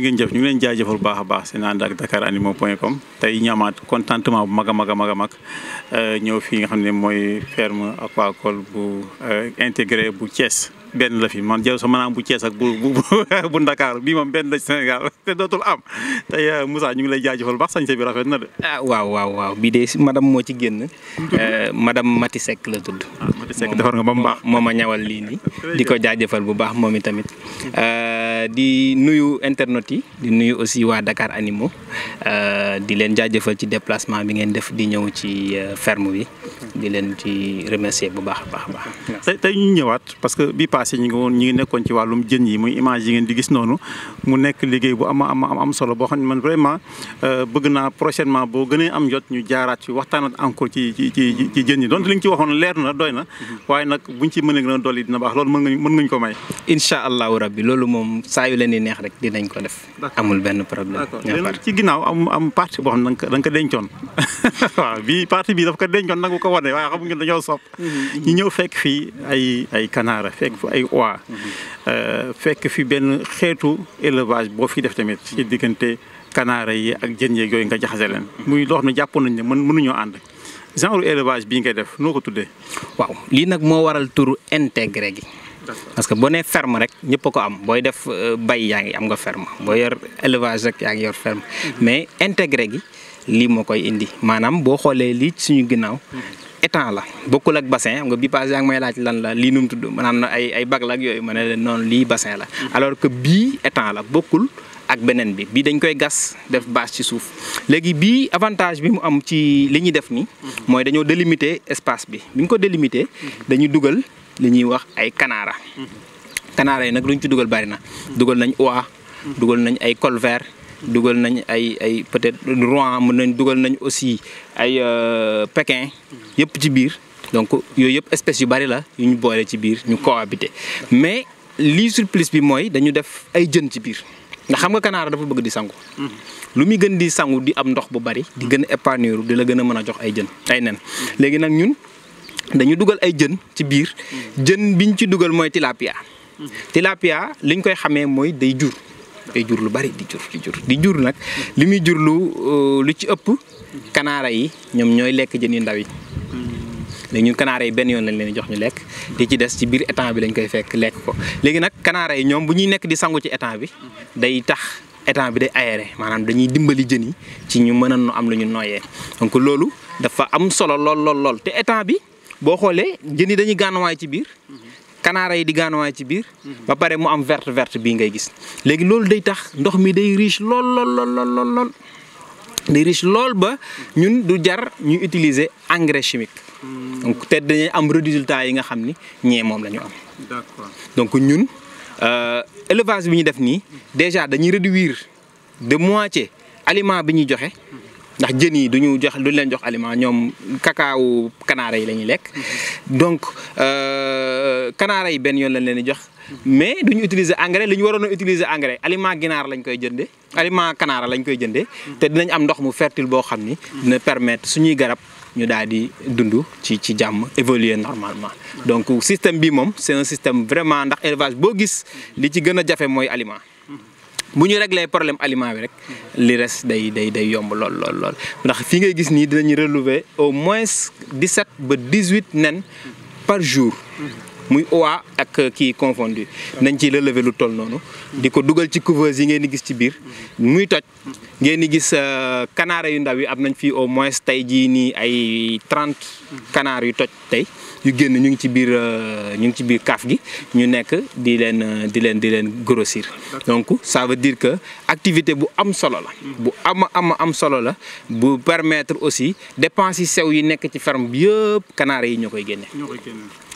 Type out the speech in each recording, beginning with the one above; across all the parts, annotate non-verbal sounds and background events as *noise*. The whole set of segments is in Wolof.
jërë ngeen jëf ñu ngi leen jaajëfal baax baax seen ànd ak Dakar Animaux point com tey ñaamaat contentement bu mag a mag a mag a mag euh, ñëw nga xam ne ferme aquacole bu euh, intégré bu Thiès benn la fi man jël sa bu ak bu bu bu *laughs* Ndakaaru bii moom la ci Sénégal *laughs* te am tey euh, Moussa ñu ngi lay jaajëfal baax sañ sa bi rafet na de. Ah, waaw waaw waaw bii de madame moo ci génn. madame Mati Seck la tudd. Ah, Mati defar nga ba baax ñawal di ko bu baax moom itamit. Euh, di nuyu internet yi di nuyu aussi waa Dakar Animaux euh, di leen jaajëfal ci déplacement bi ngeen def di ñëw ci euh, ferme bi di leen ci remercier bu baax a baax baax. tey te ñu ñëwaat parce que bi passé ñu ngi woon ñu ngi nekkoon ci wàllum jën yi muy image yi ngeen di gis noonu mu nekk liggéey bu ama ama am solo boo xam ne man vraiment bëgg naa prochainement boo gënee am jot ñu jaaraat ci waxtaanat encore ci ci ci ci jën yi donte li ci waxoon leer na doy na mhm. waaye nag buñ ci mënee a dolli dina baax loolu mën ko may. saa yu leen di neex rek dinañ ko def. amul benn problème. ci ginnaaw am am parti boo xam ne da ko dencoon *laughs* waaw bii parti bii dafa ko dencoon nangu ko wane waaye xam nga dañoo sopp mhm, mhm. ñu ñëw fekk fii ay ay kanaara fekk fi ay oie. Mhm. Euh, fekk fi benn xeetu élevage boo fi def tamit ci diggante kanaara yi ak jën yeeg yooyu nga jaxase leen. muy loo na ne jàppoon nañ ne mën mënuñoo ànd. genre élevage bi ngay def noo ko tuddee. waaw lii nag moo waral turu intégré gi. parce que boo nee ferme rek ñëpp a ko am booy def euh, bay yaa ngi am nga ferme boo yor élevage rek yaa ngi yor ferme mhm. mais intégré gi lii moo koy indi maanaam boo xoolee lii suñu ginnaaw mhm. étang la bokkul ak bassin xam nga bi passé yaa laaj lan la lii nu mu tudd maanaam ay ay bag la yooyu ma leen noonu lii bassin la mhm. alors que bii étang la bokkul ak beneen bi bii dañ koy gas def bâche ci suuf léegi bii avantage bi mu am ci li ñuy def ni mooy dañoo délimiter espace bi bi ñu ko délimiter dañu dugal li ñuy wax ay kanaara kanaara yi nag luñ ci dugal bari na dugal nañ oie dugal nañ ay colvert dugal nañ ay ay peut-être rouen mën nañ dugal nañ aussi ay euh, pékin yëpp ci biir donc yooyu yëpp espèces yu bari la yu ñu boole ci biir ñu cohabité mais lii surplus bi mooy dañu def ay jën ci biir ndax xam nga kanaara dafa bëgg di sangu lu muy gën di sangu di am ndox bu bari di gën épanouir di la gën a jox ay jën ay nen ñun dañu dugal ay cibir, ci biir hmm. jën biñ ci tilapia hmm. tilapia liñ koy xamee mooy day jur day jur lu bari di jur di jur di jur nag hmm. limi jur lu euh, lu ci ëpp kanaara yi ñoom ñooy lek jën yu ndaw yi léegi ñun yi benn yoon lañ leen jox ñu lekk di ci des ci biir étang bi lañ koy fekk lekk ko léegi nag kanaara yi ñoom bu ñuy di sangu ci étang bi day tax étang bi day aéré maanaam dañuy dimbali jën yi ci ñu mën am lu ñu donc dafa am solo lool lool étang bi boo xoolee jën yi dañuy gaanawaay ci biir kanaara yi di gaanawaay ci biir ba pare mu am verte verte bii ngay gis léegi loolu day tax ndox mi day riche lool lool lool lool lool riche lool ba ñun du jar ñu utiliser engrais chimique hmm. donc te dañuy am résultat yi nga xam ni ñee moom la ñu am donc ñun euh, élevage bi ñu def nii déjà dañuy réduire de moitié aliment bi ñuy joxe ndax jën yi du ñu jox duñu leen jox aliment ñoom kakaawu kanaara yi la ñuy lekk donc kanaara euh, yi benn yoon lañ leen di jox mais du ñu utiliser engrais li ñu waroon a utiliser engrais aliment ginaar lañ koy jënde aliment kanaara lañ koy jëndee te dinañ am ndox mu fertile boo xam ni dina permettre suñuy garab ñu daal di dund ci ci jàmm évoluer normalement donc système bi moom c'est un système vraiment ndax élevage boo gis li ci gën a jafe mooy aliment buñu régler problème aliment bi rek li res day day day yomb lol lol lol ndax fi ngay gis ni dinañu relever au moins 17 ba 18 nen par jour. muy oa ak kii confondu nañ ci relever lu toll noonu di ko dugal ci couveuse yi ngeen di gis ci biir muy toj ngeen di gis canaare euh, yu ndaw yi am nañ fii au moins tey jii nii ay trente kanaar yu toj tey yu génn ñu ngi ci biir euh, ñu ngi ci biir kaaf gi ñu nekk di leen euh, di leen di leen grossir donc ça veut dire que activité bu am solo la bu am am am solo la bu permettre aussi dépenses yi sew yi nekk ci ferme bi yëpp canaare yi ñoo koy génne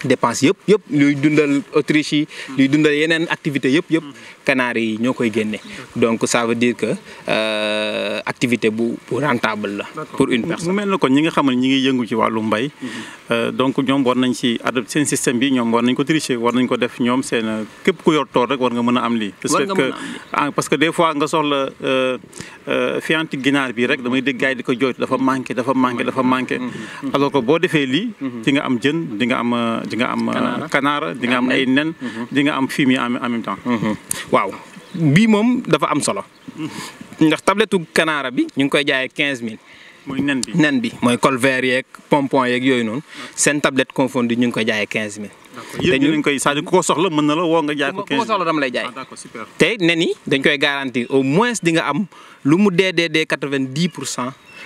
dépense yëpp yëpp luy dundal Autriche yi hmm. luy dundal yeneen activité yëpp yëpp hmm. Canaries yi ñoo koy génne donc ça veut dire que euh, activité bu rentable la pour une personne mu mel na kon ñi nga xam ne ñi ngi yëngu ci wàllu mbay hmm. euh, donc ñoom war nañ ci adopté seen système bi ñoom war nañ ko tricher war nañ ko def ñoom seen euh, képp ku yor tool rek war nga mën a am lii parce que ah, parce que des fois nga soxla fiyanti ginaar bi rek damay dégg gars di ko jooytu dafa manqué dafa manqué dafa manqué alors que boo defee lii di nga am jën di nga am Euh, di nga am kanaara mhm. di nga am ay nen di am fumier en même temps mhm. Mhm. waaw bii moom dafa am solo ndax tablettu kanaara bi ñu ngi koy jaayee quinze mille mooy nen bi nen bi mooy colvert yeeg pompon yeeg yooyu noonu seen tablette confondue ñu ngi koy jaayee quinze mille te ñu saa ku ko soxla mën na la woo nga jaay ko. 15 ku ko soxla ah, dañ koy garanti au moins di nga am lu mu dee dee dee quatre-vingt-dix pour cent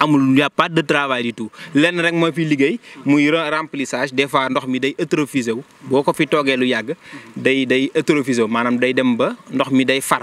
amul y' de travail du tout lenn rek moo fi liggéey muy remplissage des fois ndox mi day eutrophisé wu boo ko fi toogee lu yàgg day day eutrophisé wu maanaam day dem ba ndox mi day far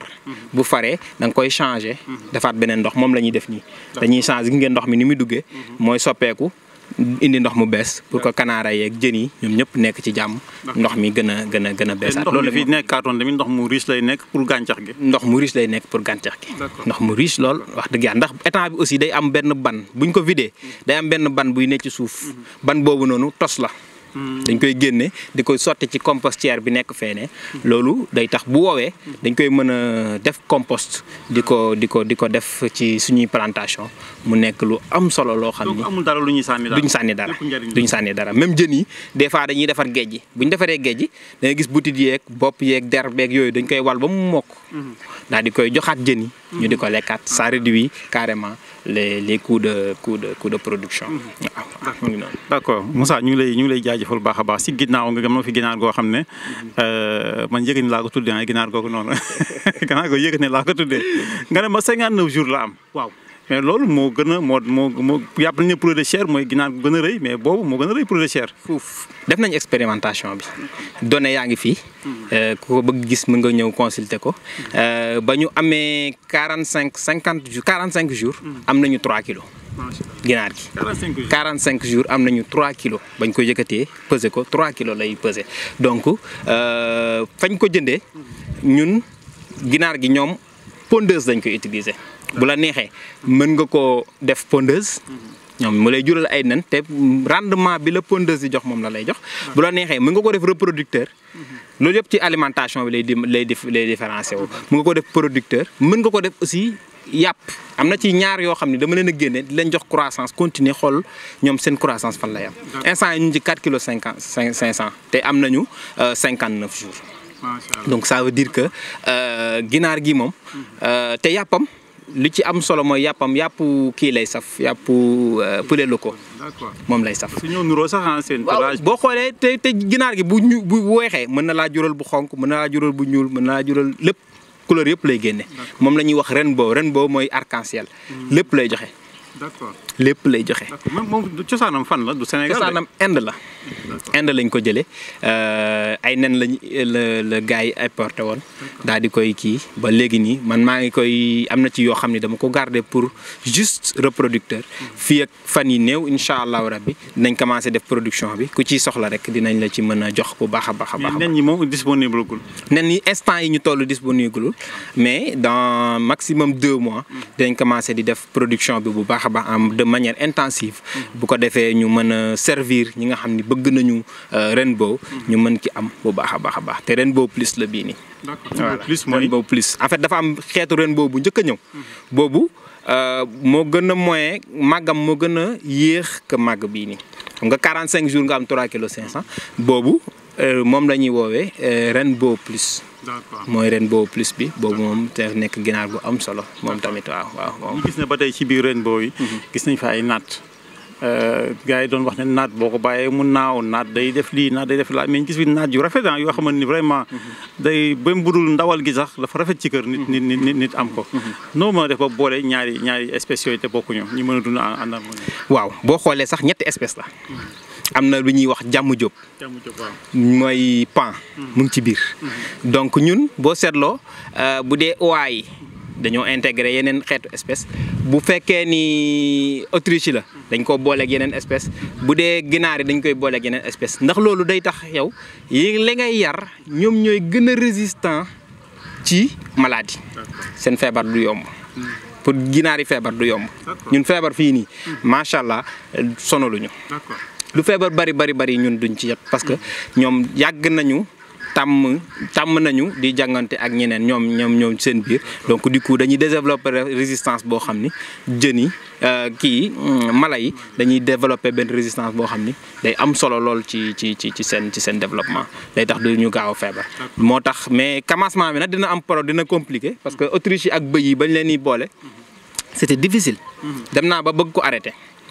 bu faree danga koy changé defaat beneen ndox moom la ñuy def nii dañuy changé gi ngeen ndox mi ni muy duggee mhm. mooy soppeeku indi ndox mu bees pour que kanaara yeeg jën yi ñoom ñëpp nekk ci jàmm ndox mi gën a gën a gën a beesaat loolu fi nekkaatoon tamit ndox mu riche lay nekk pour gàncax ndox mu riche lay nekk pour gàncax gi ndox mu riche lool wax dëgg yàlla ndax état bi aussi day am benn ban buñ ko vidé day am benn ban buy nekk ci suuf mhm. ban boobu noonu tos la dañ koy génne di koy sotti ci compostière bi nekk feene loolu day tax bu woowee dañ koy mën a def compost di ko di ko di ko def ci suñuy plantation mu nekk lu am solo loo xam ni amul dara lu ñuy sànni dara duñ sànni dara duñ sànni dara même jën yi des fois dañuy defar géej gi bu ñu defaree géej gi da gis butit yeeg bopp yeeg der beeg yooyu dañ koy wal ba mu mokk mhm. di koy mm-hmm. ñu ça réduit carrément les les coûts de coûts de coûts de production. Mm-hmm. D'accord, Moussa ñu lay ñu si nga gëm fi ginaar mm-hmm. euh, man ko ah, *laughs* jours la mais loolu moo gën a moo moo moo yàpp nañu ne mooy ginaar gu gën a rëy mais boobu moo gën a rëy poulet de chair. fuuf def nañ expérimentation bi données yaa ngi fii. Hmm. Euh, ku ko bëgg gis mu nga ñëw consulter ko. Hmm. Euh, ba ñu amee quarante cinq cinquante jours hmm. quarante cinq jours. am nañu trois kilos. ginaar gi 45 jours 45 jours am nañu 3 kilos bañ ko yëkkatee pesé ko 3 kilos lay pesé donc euh, fañ ko jëndee ñun ginaar gi ñoom pondeuse dañ koy utiliser. bu la neexee mën nga koo def pondeuse. ñoom mu lay jural ay nan te rendement bi la pondeuse di jox moom la lay jox. bu la neexee mën nga ko def reproducteur. loolu yëpp ci alimentation bi lay di lay dif lay différencier wu. mën nga ko def producteur mën nga ko def aussi yàpp am na ci ñaar yoo xam ne dama leen a génne di leen jox croissance continuer xool ñoom seen croissance fan lay am. instant yi ñu ci 4 kilos 50 cinq cent te am nañu 59 euh, jours. donc ça veut dire que euh, ginaar gi moom mm-hmm. euh, te yàppam. li ci am solo mooy yàppam yàpp kii lay saf yàpp pële la ko moom lay saf ah, waaw boo xoolee te te ginaar gi bu ñu bu weexee mën na laa jural bu xonk mën na laa jural bu ñuul mën na laa jural lépp couleurs yëpp lay génne moom la ñuy wax ren boobu ren boo mooy arc en hmm. lépp lay joxe d'accord lépp lay joxe. mom cosaanam fan la du Sénégal cosaanam Inde la. Inde lañ ko euh ay nen lañ la la gars yi apporté woon. daal di koy ki ba légui ni man ma ngi koy amna ci yo xamni dama ko garder pour juste reproducteur. Hmm. fi ak fan yi new inshallah rabbi dinañ commencé def production bi ku ci soxla rek dinañ la ci mëna jox bu baax a baax a baax. nen yi moom disponible gul. nen yi instant yi ñu toll disponible mais dans maximum deux mois. Hmm. dinañ commencé di def production bi bu baax a am de manière intensive bu ko defee ñu mën servir ñi nga xam ni bëgg nañu euh, rainbow ñu mën ki am bu baax a baax a baax te rainbow plus la bii nii voilà rainbow plus en fait dafa am xeetu rainbow bu njëkk a ñëw mhm. boobu euh, moo gën a moyen màggam moo gën a yéex que màgg bii nga 45 jours nga am 3 kilos 500 boobu euh, moom la ñuy rainbow plus mooy ren boobu plus bi boobu moom te nekk ginaar bu am solo moom tamit waaw waaw ñu gis ne ba tey ci biir ren boobu mhm. gis nañ fa ay naat euh, gars yi doon wax ne naat boo ko bàyyee mu naaw naat day def lii naat day def laa mais gis bi naat yu rafet ah, yoo xamante ni vraiment mhm. day ba mu budul ndawal gi sax dafa rafet ci kër nit mhm. nit nit nit am ko noo mën a def ba boole ñaari ñaari espèces yooyu te bokkuñu ñu mën a dund àndal waaw boo xoolee sax ñetti espèce la amna na lu ñuy wax jamu job mooy pan hmm. mu ngi ci biir hmm. donc ñun boo seetloo euh, bu dee oa yi dañoo intégré yeneen espèce bu fekkee ni autruche la dañ ko booleeg yeneen espèce bu dee ginaar yi dañ koy booleeg yeneen espèce ndax loolu day tax yow yi li ngay yar ñoom ñooy gën a résistant ci maladie seen feebar du yomb hmm. pour ginaar yi du yomb ñun feebar fii nii macha allah sonaluñu lu feebar bari bari bari ñun duñ ci pas parce que ñoom yàgg nañu tàmm tàmm nañu di jàngante ak ñeneen ñoom ñoom ñoom seen biir donc du coup dañuy développer résistance dan xam ni jën yi euh, kii mm, mala dañuy développer résistance ni day am solo lol ci ci ci ci seen ci seen développement day tax du ñu gaaw a feebar. mais commencement bi nag dina am pro dina compliqué parce que autriche yi ak bëy yi bañ leen di c'était difficile. Mm-hmm. dem ba bëgg ko arrêter.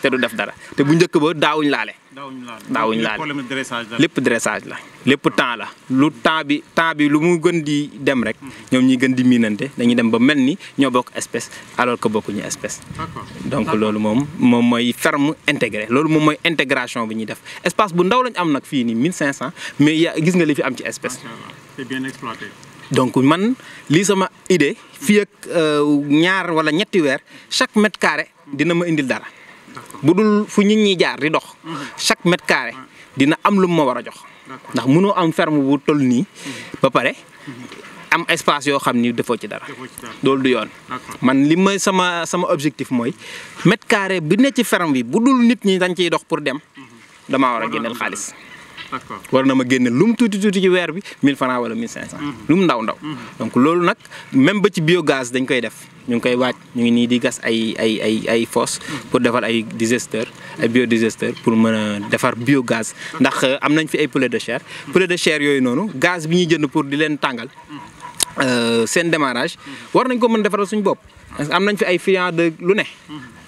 te du def dara te bu njëkk ba daawuñ laale. daawuñ laale lépp dressage la lépp temps la lu temps bi temps bi lu mu gën di dem rek. Mhm. ñoom ñuy gën di miinante dañuy dem ba mel ni ñoo bokk espèce alors que bokkuñu espèce. donc loolu moom moom mooy ferme intégrée loolu moom mooy intégration bi ñuy def espace bu ndaw lañ am nag fii nii 1500 mais ya gis nga li fi am ci espèce. c'est bien donc man lii sama idée. fii ak euh, ñaar wala ñetti weer chaque mètre carré dina ma indil dara. bu dul fu nit ñi jaar di dox chaque mètre carré dina am lu ma war a jox ndax mënoo am ferme bu toll nii ba pare am espace yoo xam ni defoo ci dara loolu du yoon man li may sama sama objectif mooy mètre carré bi ne ci ferme bi bu dul nit ñi dañ ciy dox pour dem mhm. damaa war a génneel xaalis d'accord war na ma génne lu mu tuuti tuuti ci weer bi 1000 francs wala 1500. Mm-hmm. lu mu ndaw ndaw. Mm-hmm. donc loolu nag même ba ci biogaz dañ koy def ñu ngi koy waaj ñu ngi nii di gas ay ay ay ay fosse mm-hmm. pour defar ay digesteurs ay biodigesteur pour mën a defar biogaz. ndax euh, am nañ fi ay poulet de chair. poulet de chair yooyu noonu gaz bi ñuy jënd pour di leen tàngal. Euh, seen démarrage war nañ ko mën defaral suñu bopp ah. am nañ fi ay friand de lu ne.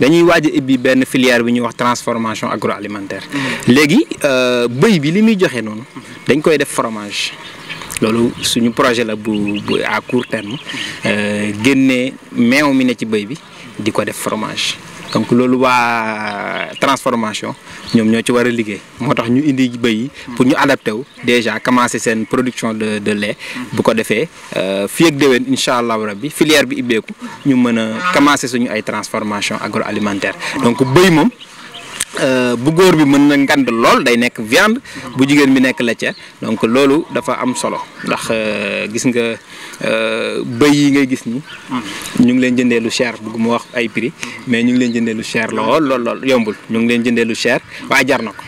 dañuy waaj ibbi benn filière bi ñuy wax transformation agro agroalimentaire léegi euh, bëy bi li muy joxe noonu dañ koy def fromage loolu suñu projet la bu bu à court terme euh, génnee meew mi ne ci bëy bi di ko def fromage donc loolu waa transformation ñoom ñoo ci war a liggéey moo tax ñu indi bëy yi pour ñu adapté wu déjà commencé seen production de de lait bu ko defee euh, fii ak déwén incha allahu rabbi filière bi ibbeeku ñu mën a commencé suñu ay transformation agroalimentaire donc bëy moom Euh, bu góor bi mën na ngand lool day nekk viande bu jigéen bi nekk laitier donc loolu dafa am solo ndax euh, gis nga euh, bëy yi ngay gis ni ñu ngi leen jëndee lu cher bugguma wax ay prix mais ñu ngi leen jëndee lu cher lool lool lool yombul ñu ngi leen jëndee lu cher waaye jar na ko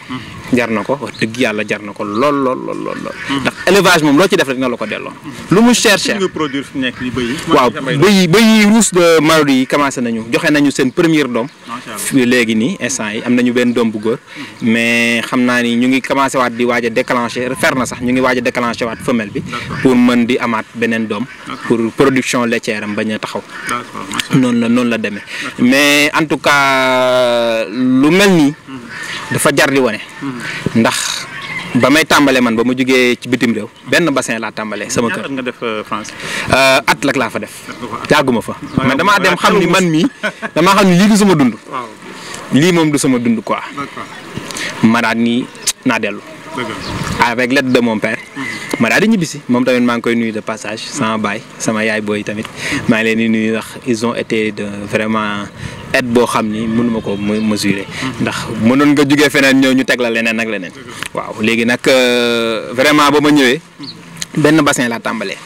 jar na ko wax dëgg yàlla jar na ko lool lool lool lool. ndax élevage moom loo ci def rek dina la ko delloo. lu mu cher cher produire fi nekk li bëy yi. waaw bëy yi bëy yi de Marodi yi commencé nañu joxe nañu seen première doom. léegi nii instant yi am nañu benn doom bu góor. mais xam naa ni ñu ngi commencé waat di waaj a déclenché fer sax ñu ngi waaj a déclenché waat femelle bi. pour mën di amaat beneen doom. pour production laitière am bañ a taxaw. noonu la noonu la demee. mais en tout cas lu mel nii. Hmm. dafa ndax ba may tàmbalee man ba ma jógee ci bitim réew benn bassin laa tàmbalee sama kër. nga def euh, France. Euh, at lak laa fa def. yàgguma fa. mais damaa dem xam ni man mii dama xam ni lii du sama dund. lii moom du sama dund quoi. ma nii naa dellu. avec l'aide de mon ma de passage ils ont été de vraiment aide bo xamni mënuma ko mesurer ndax nga ñu ak waaw légui nak euh, vraiment bassin la tambalé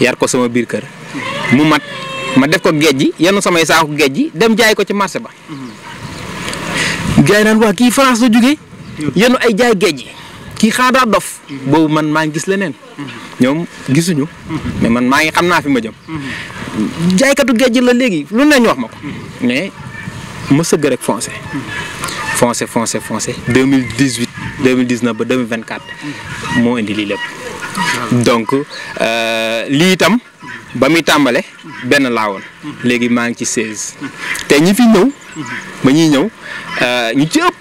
yar ko sama biir kër mu mat ma def ko je yenn samay dem jaay ko ci marché ba France la hmm. yenn ay jaay kii xaadaa dof. boobu man maa ngi gis leneen. ñoom gisuñu. mais man maa ngi xam naa fi ma jëm. jaaykatu géej la léegi lu ne ñu wax ma ko. mais ma sëgg rek foncé. foncé foncé foncé deux mille dix huit deux mille ba deux mille vingt moo indi lii lépp. donc euh, lii itam ba muy tàmbale benn laa woon léegi maa ngi ci seize. te ñi fi ñëw. ba ñuy ñëw euh, ñu ci ëpp.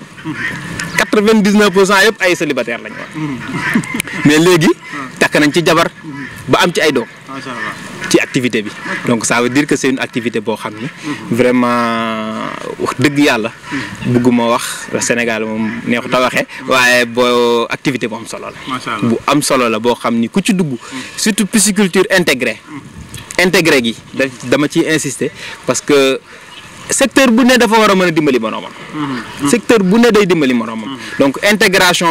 99 pour cent yëpp ay célibataire lañ woon hmm. mais léegi hmm. takk nañ ci jabar hmm. ba am ci ay doom ci activité bi donc ça veut dire que c'est une activité boo xam ni vraiment wax dëgg yàlla bëgguma wax Sénégal moom neexut a waxee waaye boo activité bu am solo la bu am solo la boo xam ni ku ci dugg surtout pisciculture intégrée intégré gi dama ciy insister parce que secteur bu ne dafa war a a dimbali moroomam secteur bu ne day dimbali moroomam donc intégration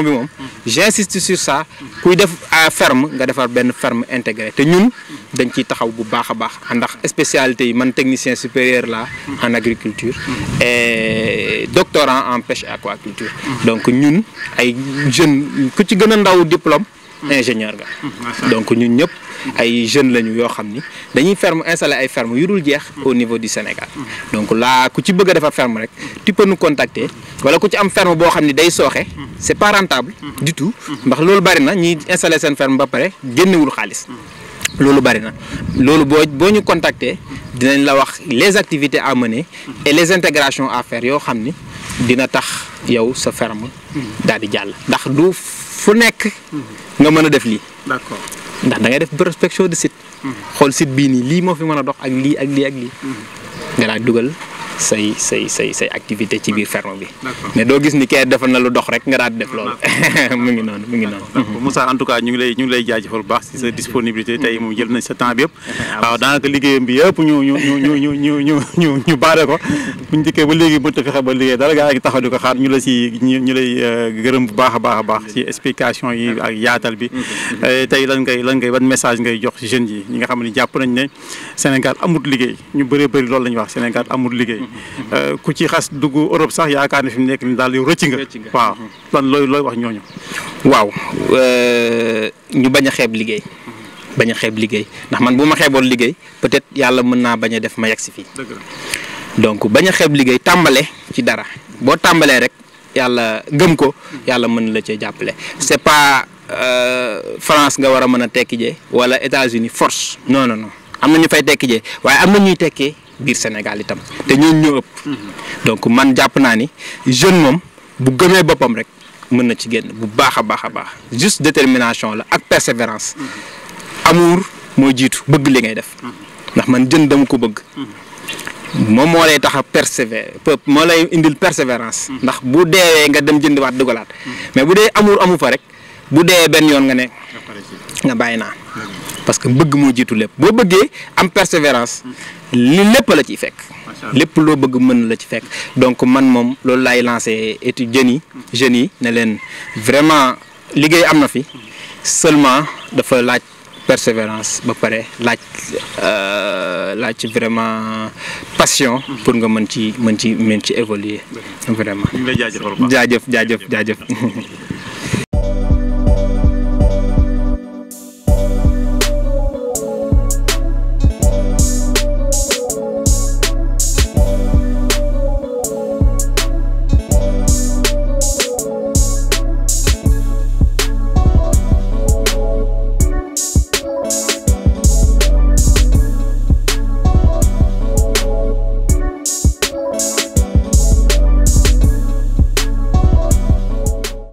j'insiste sur ça kuy def ferme nga une ferme intégrée Nous, ñun dañ une taxaw bu un spécialité technicien supérieur en agriculture et doctorant en pêche et aquaculture donc nous, ay jeunes ku diplôme Hmm. ingénieur hmm, donc ñun ñëpp ay jeunes lañu yo xamni dañuy ferme installer ay ferme yu dul jeex hmm. au niveau du Sénégal donc la, ku ci bëgg a ferme rek tu peux nous contacter wala ku ci am ferme bo xamni day soxé c'est pas rentable du tout ndax loolu bari na ñuy installer sen ferme ba pare génnewul xaliss loolu bari na loolu boo boo ñu contacter dinañ la wax les activités à mener et les intégrations à faire yo xamni dina tax yow sa ferme daal di ndax du fu nek nga mën a def lii. d'accord ndax dangay def prospection de site. Mhm. xool site bii nii lii moo fi mën a dox ak lii ak lii ak lii. Mhm. nga daal dugal say say say say activité ci biir ferme bi mais doo gis ni kee defal na lu dox rek nga daal def loolu *laughs* mu ngi noonu mu ngi noonu Moussa en tout cas ñu ngi lay ñu ngi lay jaajëfal bu baax si sa disponibilité tey moom jël nañ sa temps bi yëpp *laughs* ah, waaw daanaka liggéeyam bi yëpp ñu ñu ñu ñu ñu ñu ñu ñu baare ko buñ dikkee ba léegi mënta fexe ba liggéey dara gaa ngi taxaw di xaar ñu la si ñu lay euh, gërëm bu baax baax baax si explication yi ak yaatal bi mm-hmm. euh, tey lan ngay lan ngay ban message ngay jox si jeunes yi ñi nga xam ne jàpp nañ ne Sénégal amut liggéey ñu bëree bëri loolu lañ wax Sénégal amut liggéey Euh, ku ci xas dugg Europe sax yaakaar ne fi mu nekk ni daal yow rëcc nga waaw mhm. lan looy looy wax ñooñu waaw euh, ñu bañ a xeeb liggéey mhm. bañ a ndax man bu ma xeeboon liggéey peut-être yàlla mën naa def ma yegg si fii donc bañ a xeeb liggéey tàmbale ci dara boo tàmbalee rek yàlla gëm ko mhm. yàlla mën la cee jàppale c'est pas euh, France nga war a mën a tekki jee wala États-Unis force non non non am na ñu fay tekki jee waaye am ñuy tekkee biir Sénégal itam te ñooñu ñoo ëpp. donc man jàpp naa ni jeune moom bu gëmee boppam rek mën na ci génn bu baax a baax a baax juste détermination la ak persévérance amour mooy jiitu bëgg li ngay def ndax man jën dama ko bëgg. moom moo lay tax a persévérer moo lay indil persévérance ndax bu deewee nga dem jënd waat dugalaat mais bu dee amour amu fa rek bu dee benn yoon nga ne nga bàyyi naa. parce que bëgg mo jitu lepp bo bëggee am persévérance li lepp la ci fekk. lepp lo bëgg mëna la ci fekk donc man mom loolu lay lancé étude génie, génie, yi vraiment liggéey am na fi seulement dafa laaj persévérance ba paré laaj euh, laaj vraiment passion. pour nga mën ci mën ci mën ci évoluer. vraiment jaajëf jaajëf jaajëf